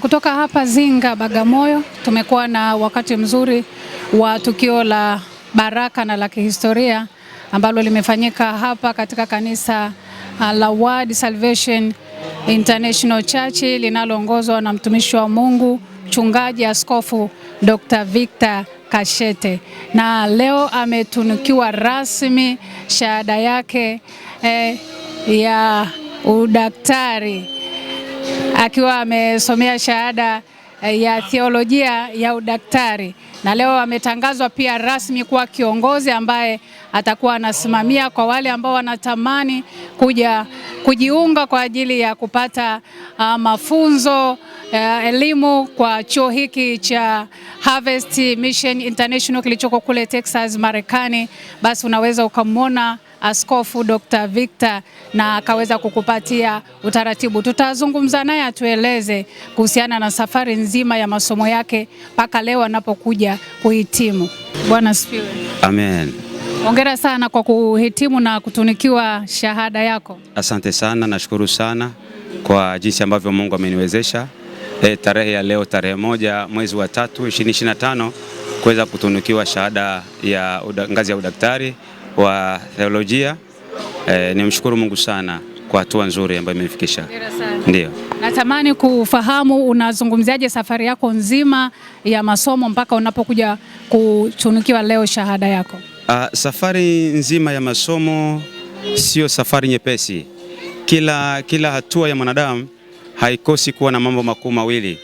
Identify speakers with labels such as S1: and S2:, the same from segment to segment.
S1: Kutoka hapa Zinga Bagamoyo, tumekuwa na wakati mzuri wa tukio la baraka na la kihistoria ambalo limefanyika hapa katika kanisa uh, la Word Salvation International Church linaloongozwa na mtumishi wa Mungu mchungaji askofu Dr. Victor Kashete, na leo ametunukiwa rasmi shahada yake eh, ya udaktari akiwa amesomea shahada eh, ya theolojia ya udaktari na leo ametangazwa pia rasmi kuwa kiongozi ambaye atakuwa anasimamia kwa wale ambao wanatamani kuja kujiunga kwa ajili ya kupata uh, mafunzo uh, elimu kwa chuo hiki cha Harvest Mission International kilichoko kule Texas, Marekani, basi unaweza ukamwona Askofu Dr. Victor na akaweza kukupatia utaratibu. Tutazungumza naye atueleze kuhusiana na safari nzima ya masomo yake mpaka leo anapokuja kuhitimu. Bwana asifiwe. Amen. Hongera sana kwa kuhitimu na kutunikiwa shahada yako.
S2: Asante sana, nashukuru sana kwa jinsi ambavyo Mungu ameniwezesha e, tarehe ya leo tarehe moja mwezi wa tatu 2025 kuweza kutunukiwa shahada ya ngazi ya udaktari wa theolojia e, nimshukuru Mungu sana kwa hatua nzuri ambayo imenifikisha.
S1: Ndio natamani kufahamu unazungumziaje safari yako nzima ya masomo mpaka unapokuja kutunukiwa leo shahada yako?
S2: A, ah, safari nzima ya masomo sio safari nyepesi. Kila, kila hatua ya mwanadamu haikosi kuwa na mambo makuu mawili.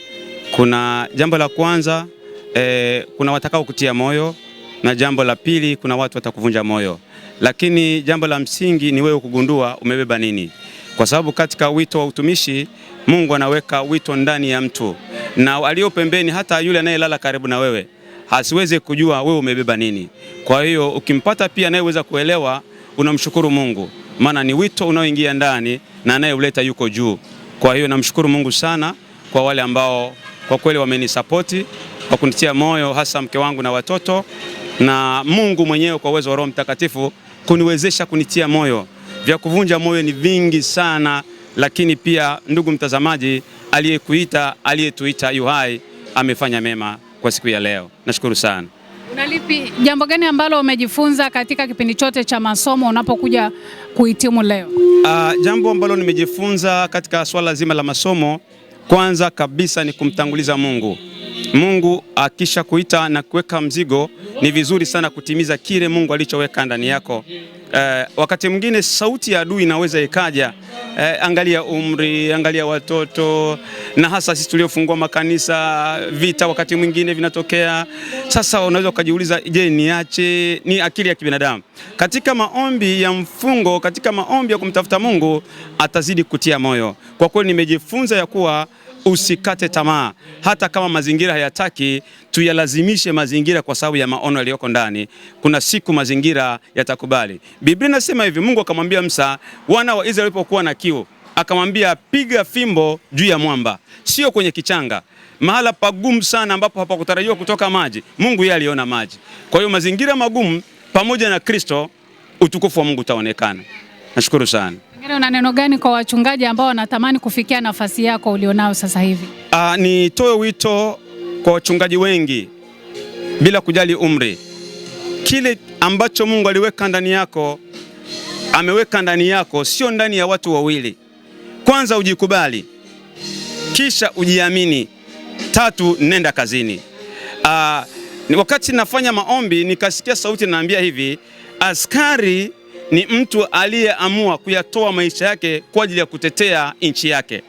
S2: Kuna jambo la kwanza e, kuna watakao kutia moyo na jambo la pili, kuna watu watakuvunja moyo, lakini jambo la msingi ni wewe kugundua umebeba nini, kwa sababu katika wito wa utumishi Mungu anaweka wito ndani ya mtu, na aliyo pembeni, hata yule anayelala karibu na wewe hasiwezi kujua wewe umebeba nini. Kwa hiyo ukimpata pia anayeweza kuelewa, unamshukuru Mungu, maana ni wito unaoingia ndani na anayeuleta yuko juu. Kwa hiyo namshukuru Mungu sana kwa wale ambao kwa kweli wamenisapoti kwa kunitia moyo, hasa mke wangu na watoto na Mungu mwenyewe kwa uwezo wa Roho Mtakatifu kuniwezesha kunitia moyo. Vya kuvunja moyo ni vingi sana, lakini pia ndugu mtazamaji, aliyekuita aliyetuita yu hai amefanya mema kwa siku ya leo. Nashukuru sana.
S1: Unalipi jambo gani ambalo umejifunza katika kipindi chote cha masomo unapokuja kuhitimu leo?
S2: Uh, jambo ambalo nimejifunza katika swala zima la masomo, kwanza kabisa ni kumtanguliza Mungu. Mungu akisha kuita na kuweka mzigo, ni vizuri sana kutimiza kile Mungu alichoweka ndani yako. Eh, wakati mwingine sauti ya adui inaweza ikaja. Eh, angalia umri, angalia watoto, na hasa sisi tuliofungua makanisa, vita wakati mwingine vinatokea. Sasa unaweza ukajiuliza, je, niache? Ni akili ya kibinadamu. Katika maombi ya mfungo, katika maombi ya kumtafuta Mungu, atazidi kutia moyo. Kwa kweli nimejifunza ya kuwa Usikate tamaa, hata kama mazingira hayataki, tuyalazimishe mazingira kwa sababu ya maono yaliyoko ndani. Kuna siku mazingira yatakubali. Biblia inasema hivi, Mungu akamwambia Musa, wana wa Israeli walipokuwa na kiu, akamwambia piga fimbo juu ya mwamba, sio kwenye kichanga mahala pagumu sana ambapo hapakutarajiwa kutoka maji. Mungu yeye aliona maji. Kwa hiyo mazingira magumu pamoja na Kristo, utukufu wa Mungu utaonekana. Nashukuru sana.
S1: Pengine una neno gani kwa wachungaji ambao wanatamani kufikia nafasi yako ulionao sasa hivi?
S2: Ah, nitoe wito kwa wachungaji wengi bila kujali umri, kile ambacho Mungu aliweka ndani yako ameweka ndani yako, sio ndani ya watu wawili. Kwanza ujikubali, kisha ujiamini. Tatu, nenda kazini. Aa, ah, wakati nafanya maombi nikasikia sauti naambia hivi, askari ni mtu aliyeamua kuyatoa maisha yake kwa ajili ya kutetea nchi yake.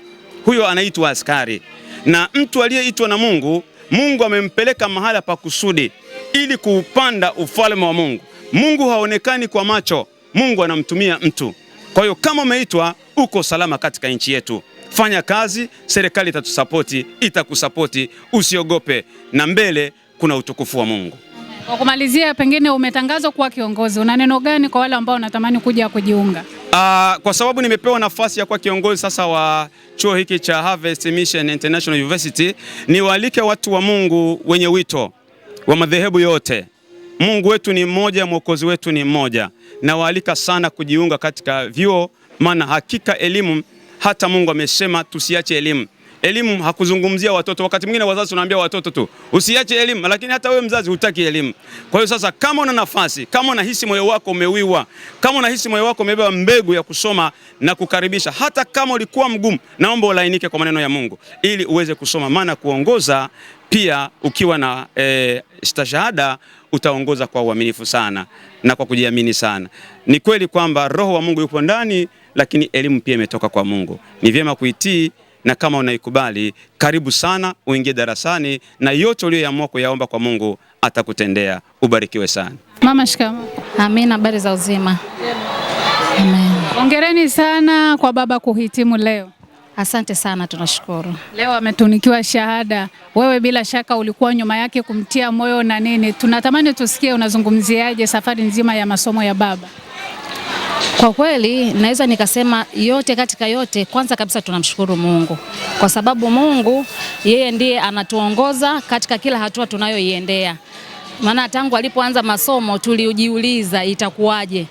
S2: Huyo anaitwa askari, na mtu aliyeitwa na Mungu, Mungu amempeleka mahala pa kusudi ili kuupanda ufalme wa Mungu. Mungu haonekani kwa macho, Mungu anamtumia mtu. Kwa hiyo kama umeitwa, uko salama katika nchi yetu. Fanya kazi, serikali itatusapoti, itakusapoti, usiogope, na mbele kuna utukufu wa Mungu.
S1: Kwa kumalizia, pengine umetangazwa kuwa kiongozi, una neno gani kwa wale ambao wanatamani kuja kujiunga?
S2: Uh, kwa sababu nimepewa nafasi ya kuwa kiongozi sasa wa chuo hiki cha Harvest Mission International University, niwaalike watu wa Mungu wenye wito wa madhehebu yote. Mungu wetu ni mmoja, mwokozi wetu ni mmoja. Nawaalika sana kujiunga katika vyuo, maana hakika elimu, hata Mungu amesema tusiache elimu. Elimu hakuzungumzia watoto. Wakati mwingine wazazi tunaambia watoto tu usiache elimu, lakini hata wewe mzazi hutaki elimu. Kwa hiyo sasa, kama una nafasi, kama unahisi moyo wako umewiwa, kama unahisi moyo wako umebeba mbegu ya kusoma na kukaribisha, hata kama ulikuwa mgumu, naomba ulainike kwa maneno ya Mungu ili uweze kusoma, maana kuongoza pia ukiwa na e, stashahada utaongoza kwa uaminifu sana na kwa kujiamini sana. Ni kweli kwamba roho wa Mungu yupo ndani, lakini elimu pia imetoka kwa Mungu. Ni vyema kuitii na kama unaikubali, karibu sana uingie darasani, na yote uliyoamua kuyaomba kwa Mungu atakutendea. Ubarikiwe sana
S1: mama. Shikamoo.
S3: Amina. Habari za uzima?
S1: Amen. Hongereni sana kwa baba kuhitimu leo.
S3: Asante sana, tunashukuru.
S1: Leo ametunikiwa shahada. Wewe bila shaka ulikuwa nyuma yake kumtia moyo na nini. Tunatamani tusikie unazungumziaje safari nzima ya masomo ya baba.
S3: Kwa kweli naweza nikasema yote katika yote, kwanza kabisa tunamshukuru Mungu kwa sababu Mungu yeye ndiye anatuongoza katika kila hatua tunayoiendea. Maana tangu alipoanza masomo tulijiuliza itakuwaje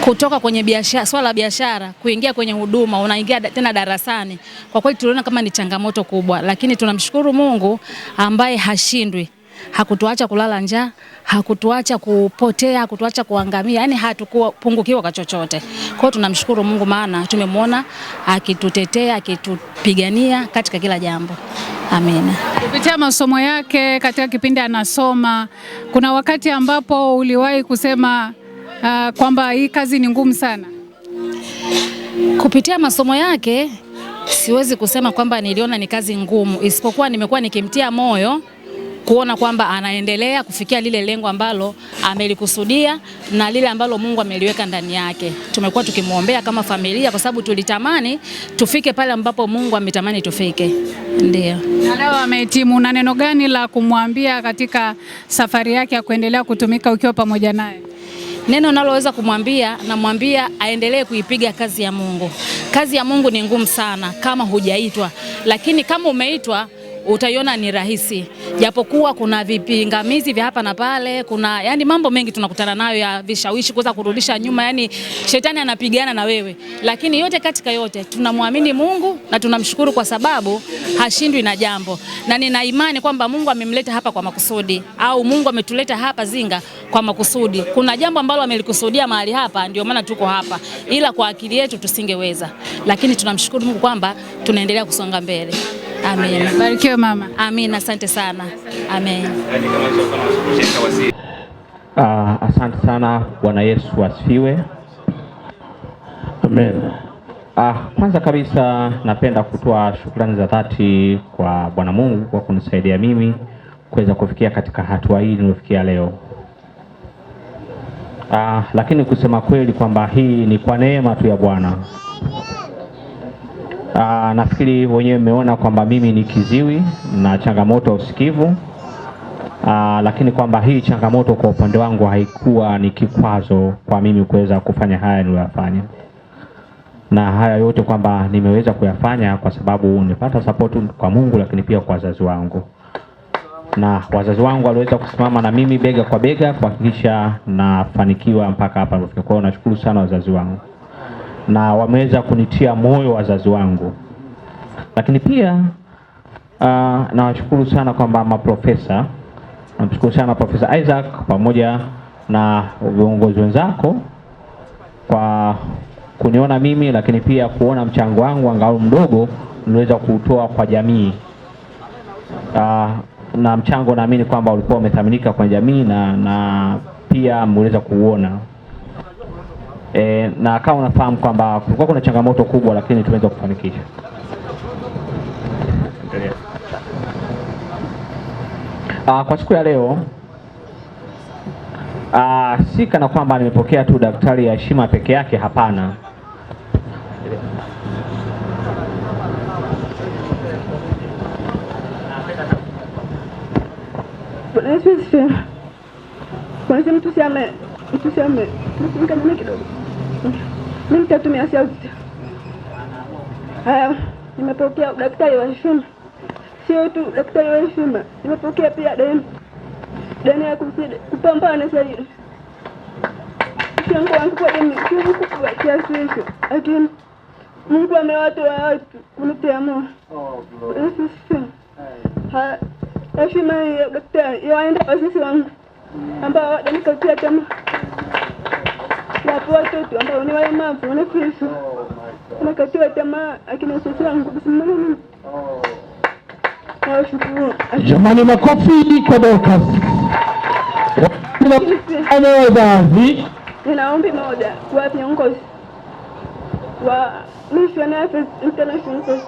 S3: kutoka kwenye biashara, swala la biashara kuingia kwenye huduma, unaingia tena darasani. Kwa kweli tuliona kama ni changamoto kubwa, lakini tunamshukuru Mungu ambaye hashindwi hakutuacha kulala njaa, hakutuacha kupotea, hakutuacha kuangamia, yani hatukupungukiwa kwa chochote. Kwa hiyo tunamshukuru Mungu, maana tumemwona akitutetea, akitupigania katika kila jambo. Amina.
S1: Kupitia masomo yake katika kipindi anasoma, kuna wakati ambapo uliwahi kusema uh, kwamba hii kazi ni ngumu sana?
S3: Kupitia masomo yake siwezi kusema kwamba niliona ni kazi ngumu, isipokuwa nimekuwa nikimtia moyo kuona kwamba anaendelea kufikia lile lengo ambalo amelikusudia na lile ambalo Mungu ameliweka ndani yake. Tumekuwa tukimwombea kama familia, kwa sababu tulitamani tufike pale ambapo Mungu ametamani tufike. Ndio
S1: leo amehitimu. Na neno gani la kumwambia katika safari yake ya kuendelea kutumika ukiwa pamoja naye?
S3: Neno naloweza kumwambia, namwambia aendelee kuipiga kazi ya Mungu. Kazi ya Mungu ni ngumu sana kama hujaitwa, lakini kama umeitwa utaiona ni rahisi, japokuwa kuna vipingamizi vya hapa na pale, kuna yani mambo mengi tunakutana nayo ya vishawishi kuweza kurudisha nyuma, yani shetani anapigana na wewe, lakini yote katika yote tunamwamini Mungu na tunamshukuru kwa sababu hashindwi na jambo, na nina imani kwamba Mungu amemleta hapa kwa makusudi, au Mungu ametuleta hapa Zinga kwa makusudi. Kuna jambo ambalo amelikusudia mahali hapa, ndio maana tuko hapa, ila kwa akili yetu tusingeweza, lakini tunamshukuru Mungu kwamba tunaendelea kusonga mbele. Amen.
S1: Barikiwe mama.
S3: Amen, asante sana. Amen.
S4: Ah, asante sana. Bwana Yesu asifiwe. Amen. Ah, kwanza kabisa napenda kutoa shukrani za dhati kwa Bwana Mungu kwa kunisaidia mimi kuweza kufikia katika hatua hii niliyofikia leo. Ah, lakini kusema kweli kwamba hii ni kwa neema tu ya Bwana. Ah, nafikiri wenyewe mmeona kwamba mimi ni kiziwi na changamoto ya usikivu. Aa, ah, lakini kwamba hii changamoto kwa upande wangu haikuwa ni kikwazo kwa mimi kuweza kufanya haya niliyoyafanya, na haya yote kwamba nimeweza kuyafanya kwa sababu nilipata sapoti kwa Mungu, lakini pia kwa wazazi wangu, na wazazi wangu waliweza kusimama na mimi bega kwa bega kuhakikisha nafanikiwa mpaka hapa nilipofika. Kwa hiyo nashukuru sana wazazi wangu na wameweza kunitia moyo wazazi wangu, lakini pia uh, nawashukuru sana kwamba maprofesa, namshukuru sana Profesa Isaac pamoja na viongozi wenzako kwa kuniona mimi, lakini pia kuona mchango wangu angalau mdogo niliweza kuutoa kwa jamii uh, na mchango naamini kwamba ulikuwa umethaminika kwa jamii na, na pia mliweza kuuona e, na akawa unafahamu kwamba kulikuwa kuna changamoto kubwa, lakini tumeweza kufanikisha. Aa, kwa siku ya leo aa, si kana kwamba nimepokea tu daktari ya heshima peke yake, hapana.
S5: Tuseme tuseme kidogo mimi nitatumia sauti. Haya, nimepokea udaktari wa heshima, sio tu daktari wa heshima, nimepokea pia deni, deni ya kupambana zaidi. Mchango wangu kwa dini si mkubwa kiasi hicho, lakini Mungu amewatoa watu kuniteamua. Heshima ya udaktari yawaenda wazazi wangu ambao wadanikatia tamaa hapo watoto ambao ni walemavu wanakufa, oh wanakatiwa tamaa, akina sasa yangu kusimama. Oh.
S6: Nawashukuru jamani, makofi kwa Dorcas. Wazazi,
S5: ombi moja kwa viongozi wa Mission Africa International,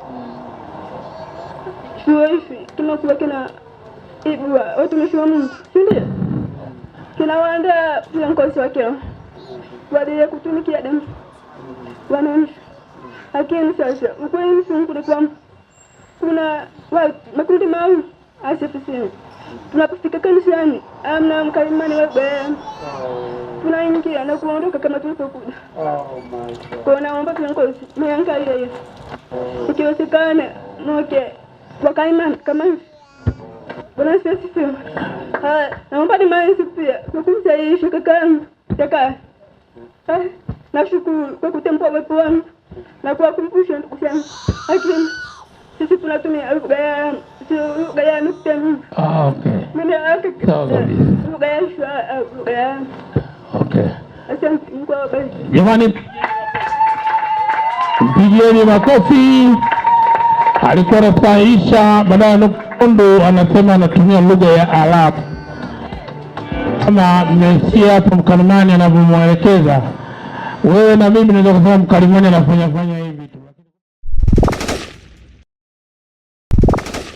S5: sisi tunakuwa kina ibwa watumishi wa Mungu, si ndio? Tunawaandaa viongozi wakeo waadili kutumikia demsi wananchi. Lakini sasa ukweli msunguko kwamba kuna watu makundi mawili asifisini, tunapofika kanisani amna mkalimani wabaya, tunaingia na kuondoka kama tulipokuja. Kwa naomba viongozi miangalia hivi, ikiwezekana moke wakaimani kama hivi Bwana Yesu asifiwe. Naomba nimalize pia kukumsahihisha kakaangu Jakaya Nashukuru kwa kutempa uwepo wangu na kuwakumbusha ndugu zangu, lakini sisi tunatumia lugha ya lugha ya nukta nundu. Ah, lugha ya ishara, lugha ya asante. Mungu awabariki
S6: jamani, mpigieni makofi. Alikuwa anafurahisha badala ya nukta nundu, anasema anatumia lugha ya Arabu kama mmesikia hapo mkalimani anavyomwelekeza, wewe na mimi naweza kusema mkalimani anafanya fanya